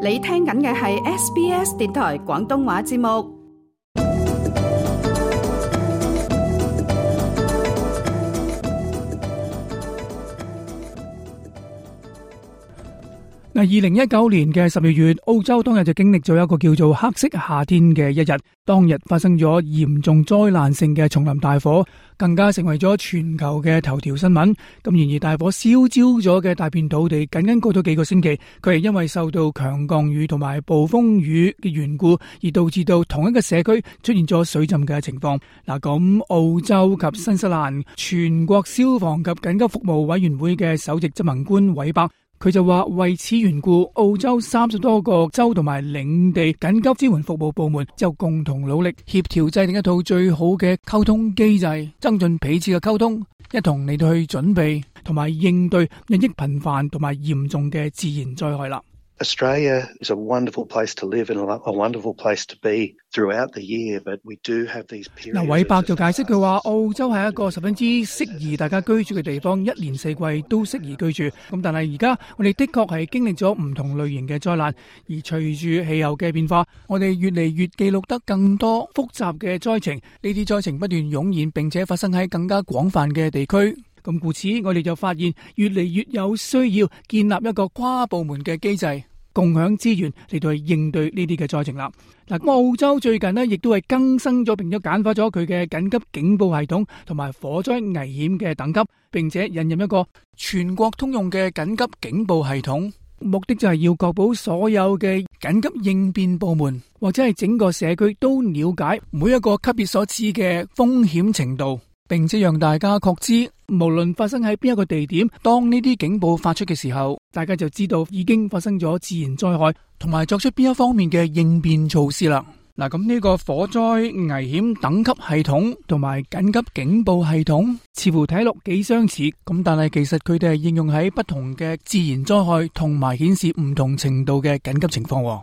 你聽緊嘅係 SBS 電台廣東話節目。喺二零一九年嘅十二月，澳洲當日就經歷咗一個叫做黑色夏天嘅一日。當日發生咗嚴重災難性嘅叢林大火，更加成為咗全球嘅頭條新聞。咁然而，大火燒焦咗嘅大片土地，僅僅過咗幾個星期，佢係因為受到強降雨同埋暴風雨嘅緣故，而導致到同一個社區出現咗水浸嘅情況。嗱，咁澳洲及新西蘭全國消防及緊急服務委員會嘅首席執行官韋伯。佢就話，為此緣故，澳洲三十多個州同埋領地緊急支援服務部門就共同努力，協調制定一套最好嘅溝通機制，增進彼此嘅溝通，一同你哋嚟到去準備同埋應對日益頻繁同埋嚴重嘅自然災害啦。Australia is a wonderful place to live and a wonderful place to be throughout the year. But we do have these periods. 那偉伯就解釋佢話，澳洲係一個十分之適宜大家居住嘅地方，一年四季都適宜居住。咁但係而家我哋的確係經歷咗唔同類型嘅災難，而隨住氣候嘅變化，我哋越嚟越記錄得更多複雜嘅災情。呢啲災情不斷湧現，並且發生喺更加廣泛嘅地區。咁故此，我哋就發現越嚟越有需要建立一個跨部門嘅機制，共享資源嚟到應對呢啲嘅災情啦。嗱，澳洲最近呢亦都係更新咗並且簡化咗佢嘅緊急警報系統同埋火災危險嘅等級，並且引入一個全國通用嘅緊急警報系統，目的就係要確保所有嘅緊急應變部門或者係整個社區都了解每一個級別所致嘅風險程度。並且讓大家確知，無論發生喺邊一個地點，當呢啲警報發出嘅時候，大家就知道已經發生咗自然災害，同埋作出邊一方面嘅應變措施啦。嗱，咁呢個火災危險等級系統同埋緊急警報系統似乎睇落幾相似，咁但係其實佢哋係應用喺不同嘅自然災害，同埋顯示唔同程度嘅緊急情況。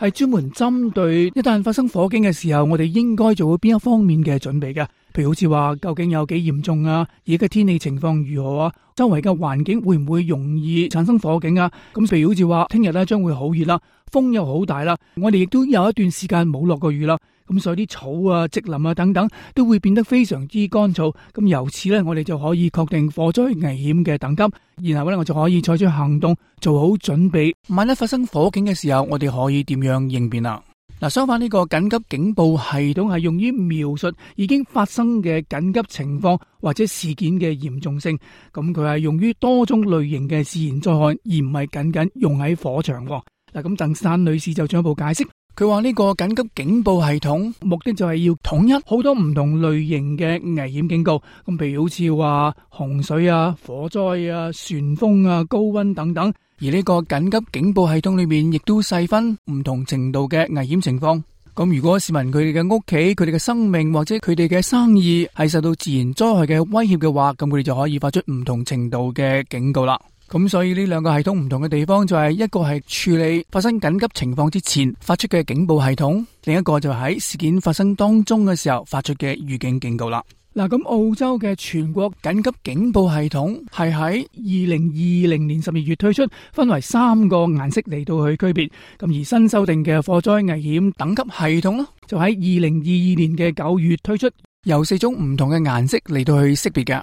係專門針對一旦發生火警嘅時候，我哋應該做好邊一方面嘅準備嘅。譬如好似話，究竟有幾嚴重啊？而家嘅天氣情況如何啊？周圍嘅環境會唔會容易產生火警啊？咁譬如好似話，聽日咧將會好熱啦，風又好大啦，我哋亦都有一段時間冇落過雨啦。咁所以啲草啊、植林啊等等都會變得非常之乾燥。咁由此咧，我哋就可以確定火災危險嘅等級，然後咧我就可以採取行動做好準備，萬一發生火警嘅時候，我哋可以點樣應變啊？嗱，相反呢，這個緊急警報系統係用於描述已經發生嘅緊急情況或者事件嘅嚴重性。咁佢係用於多種類型嘅自然災害，而唔係僅僅用喺火場。嗱，咁鄧山女士就進一步解釋。佢話呢個緊急警報系統目的就係要統一好多唔同類型嘅危險警告，咁譬如好似話洪水啊、火災啊、旋風啊、高温等等。而呢個緊急警報系統裏面亦都細分唔同程度嘅危險情況。咁如果市民佢哋嘅屋企、佢哋嘅生命或者佢哋嘅生意係受到自然災害嘅威脅嘅話，咁佢哋就可以發出唔同程度嘅警告啦。咁所以呢兩個系統唔同嘅地方就係一個係處理發生緊急情況之前發出嘅警報系統，另一個就喺事件發生當中嘅時候發出嘅預警警告啦。嗱，咁澳洲嘅全國緊急警報系統係喺二零二零年十二月推出，分為三個顏色嚟到去區別。咁而新修訂嘅火災危險等級系統咧，就喺二零二二年嘅九月推出，由四種唔同嘅顏色嚟到去識別㗎。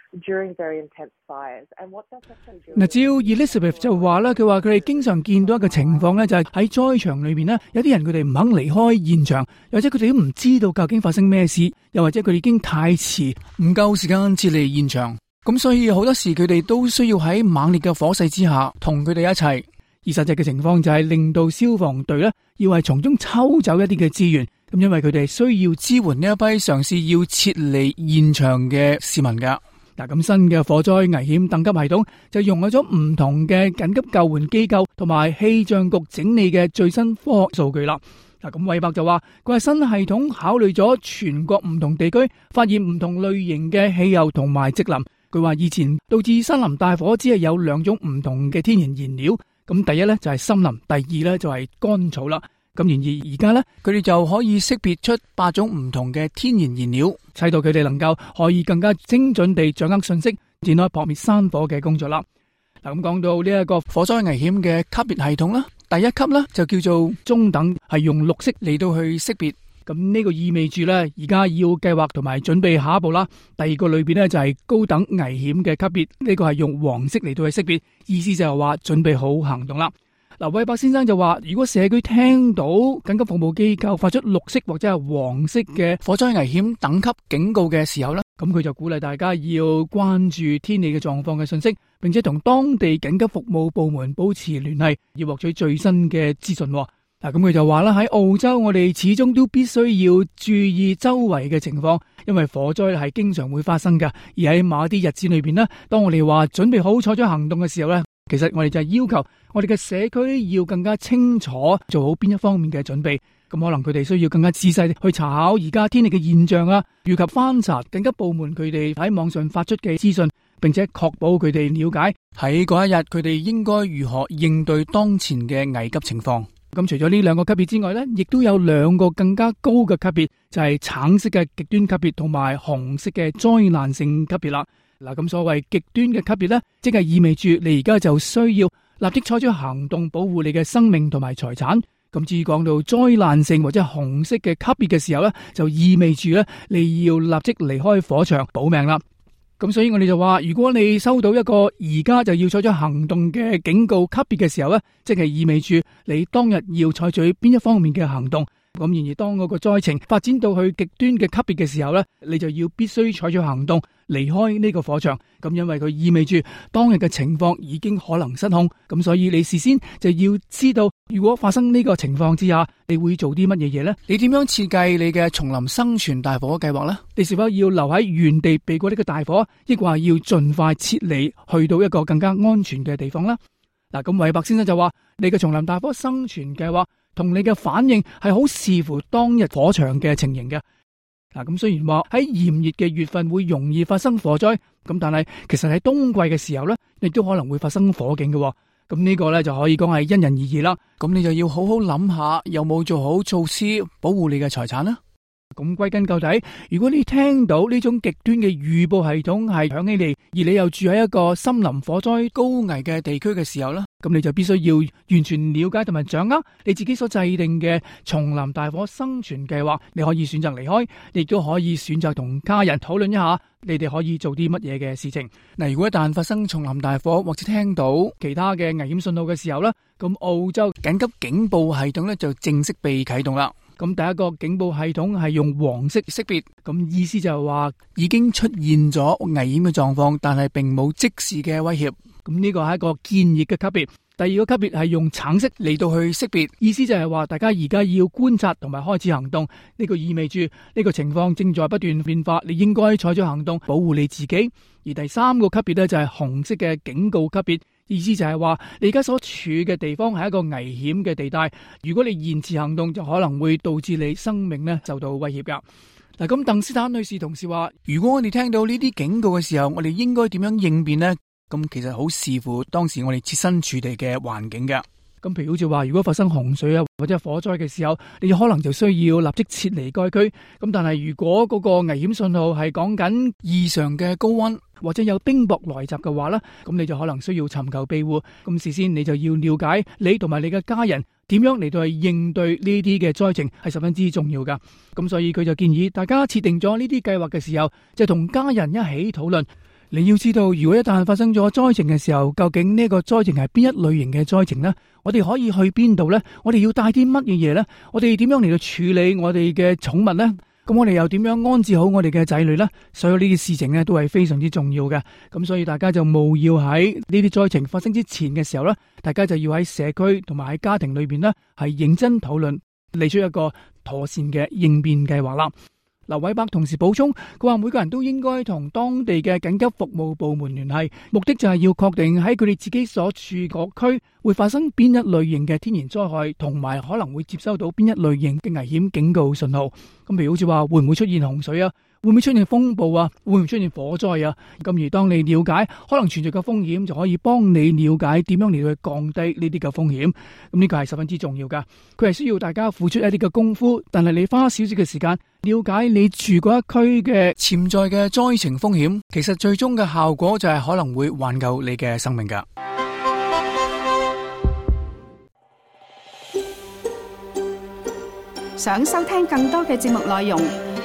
那，Jo Elizabeth 就話啦，佢話佢哋經常見到一個情況咧，就係喺災場裏面呢，有啲人佢哋唔肯離開現場，又或者佢哋都唔知道究竟發生咩事，又或者佢哋已經太遲，唔夠時間撤離現場。咁，所以好多時佢哋都需要喺猛烈嘅火勢之下同佢哋一齊。而實際嘅情況就係令到消防隊呢，要係從中抽走一啲嘅資源，咁因為佢哋需要支援呢一批嘗試要撤離現場嘅市民噶。嗱，咁新嘅火災危險等級系統就融合咗唔同嘅緊急救援機構同埋氣象局整理嘅最新科學數據啦。嗱，咁韋伯就話，佢話新系統考慮咗全國唔同地區，發現唔同類型嘅氣候同埋積林。佢話以前導致森林大火只係有兩種唔同嘅天然燃料，咁第一咧就係森林，第二咧就係乾草啦。咁然而而家咧，佢哋就可以識別出八種唔同嘅天然燃料，使到佢哋能夠可以更加精準地掌握信息，展開撲滅山火嘅工作啦。嗱，咁講到呢一個火災危險嘅級別系統啦，第一級咧就叫做中等，係用綠色嚟到去識別。咁、這、呢個意味住咧，而家要計劃同埋準備下一步啦。第二個裏邊咧就係高等危險嘅級別，呢、這個係用黃色嚟到去識別，意思就係話準備好行動啦。嗱，偉伯先生就話：如果社區聽到緊急服務機構發出綠色或者係黃色嘅火災危險等級警告嘅時候咧，咁佢就鼓勵大家要關注天氣嘅狀況嘅信息，並且同當地緊急服務部門保持聯繫，要獲取最新嘅資訊。嗱，咁佢就話啦：喺澳洲，我哋始終都必須要注意周圍嘅情況，因為火災係經常會發生噶。而喺某一啲日子裏邊咧，當我哋話準備好採取行動嘅時候咧。其實我哋就係要求我哋嘅社區要更加清楚做好邊一方面嘅準備，咁可能佢哋需要更加仔細去查考而家天氣嘅現象啊，以及翻查緊急部門佢哋喺網上發出嘅資訊，並且確保佢哋了解喺嗰一日佢哋應該如何應對當前嘅危急情況。咁除咗呢兩個級別之外呢，亦都有兩個更加高嘅級別，就係橙色嘅極端級別同埋紅色嘅災難性級別啦。嗱，咁所謂極端嘅級別咧，即係意味住你而家就需要立即採取行動保護你嘅生命同埋財產。咁至於講到災難性或者紅色嘅級別嘅時候咧，就意味住咧你要立即離開火場保命啦。咁所以我哋就話，如果你收到一個而家就要採取行動嘅警告級別嘅時候咧，即係意味住你當日要採取邊一方面嘅行動。咁然而當嗰個災情發展到去極端嘅級別嘅時候咧，你就要必須採取行動。離開呢個火場，咁因為佢意味住當日嘅情況已經可能失控，咁所以你事先就要知道，如果發生呢個情況之下，你會做啲乜嘢嘢呢？你點樣設計你嘅叢林生存大火計劃呢？你是否要留喺原地避過呢個大火，抑或要盡快撤離去到一個更加安全嘅地方呢？嗱，咁韋伯先生就話，你嘅叢林大火生存計劃同你嘅反應係好視乎當日火場嘅情形嘅。嗱，咁雖然話喺炎熱嘅月份會容易發生火災，咁但係其實喺冬季嘅時候咧，你都可能會發生火警嘅。咁、這、呢個咧就可以講係因人而異啦。咁你就要好好諗下，有冇做好措施保護你嘅財產啦。咁歸根究底，如果你聽到呢種極端嘅預報系統係響起嚟，而你又住喺一個森林火災高危嘅地區嘅時候呢，咁你就必須要完全了解同埋掌握你自己所制定嘅叢林大火生存計劃。你可以選擇離開，亦都可以選擇同家人討論一下，你哋可以做啲乜嘢嘅事情。嗱，如果一旦發生叢林大火或者聽到其他嘅危險信號嘅時候呢，咁澳洲緊急警報系統呢，就正式被啟動啦。咁第一個警報系統係用黃色識別，咁意思就係話已經出現咗危險嘅狀況，但係並冇即時嘅威脅。咁呢個係一個建議嘅級別。第二個級別係用橙色嚟到去識別，意思就係話大家而家要觀察同埋開始行動。呢個意味住呢個情況正在不斷變化，你應該採取行動保護你自己。而第三個級別咧就係紅色嘅警告級別。意思就係話，你而家所處嘅地方係一個危險嘅地帶，如果你延遲行動，就可能會導致你生命呢受到威脅噶。嗱，咁鄧斯坦女士同事話，如果我哋聽到呢啲警告嘅時候，我哋應該點樣應變呢？咁其實好視乎當時我哋設身處地嘅環境嘅。咁譬如好似話，如果發生洪水啊或者火災嘅時候，你就可能就需要立即撤離該區。咁但係如果嗰個危險信號係講緊異常嘅高溫或者有冰雹來襲嘅話呢，咁你就可能需要尋求庇護。咁事先你就要了解你同埋你嘅家人點樣嚟到去應對呢啲嘅災情係十分之重要噶。咁所以佢就建議大家設定咗呢啲計劃嘅時候，就同家人一起討論。你要知道，如果一旦發生咗災情嘅時候，究竟呢個災情係邊一類型嘅災情呢？我哋可以去邊度呢？我哋要帶啲乜嘢嘢呢？我哋點樣嚟到處理我哋嘅寵物呢？咁我哋又點樣安置好我哋嘅仔女呢？所有呢啲事情呢，都係非常之重要嘅。咁所以大家就冇要喺呢啲災情發生之前嘅時候呢，大家就要喺社區同埋喺家庭裏邊呢，係認真討論，嚟出一個妥善嘅應變計劃啦。劉偉伯同時補充，佢話每個人都應該同當地嘅緊急服務部門聯繫，目的就係要確定喺佢哋自己所處各區會發生邊一類型嘅天然災害，同埋可能會接收到邊一類型嘅危險警告信號。咁譬如好似話會唔會出現洪水啊？會唔會出現風暴啊？會唔會出現火災啊？咁而當你了解可能存在嘅風險，就可以幫你了解點樣嚟去降低呢啲嘅風險。咁呢個係十分之重要噶。佢係需要大家付出一啲嘅功夫，但係你花少少嘅時間了解你住嗰一區嘅潛在嘅災情風險，其實最終嘅效果就係可能會挽救你嘅生命噶。想收聽更多嘅節目內容。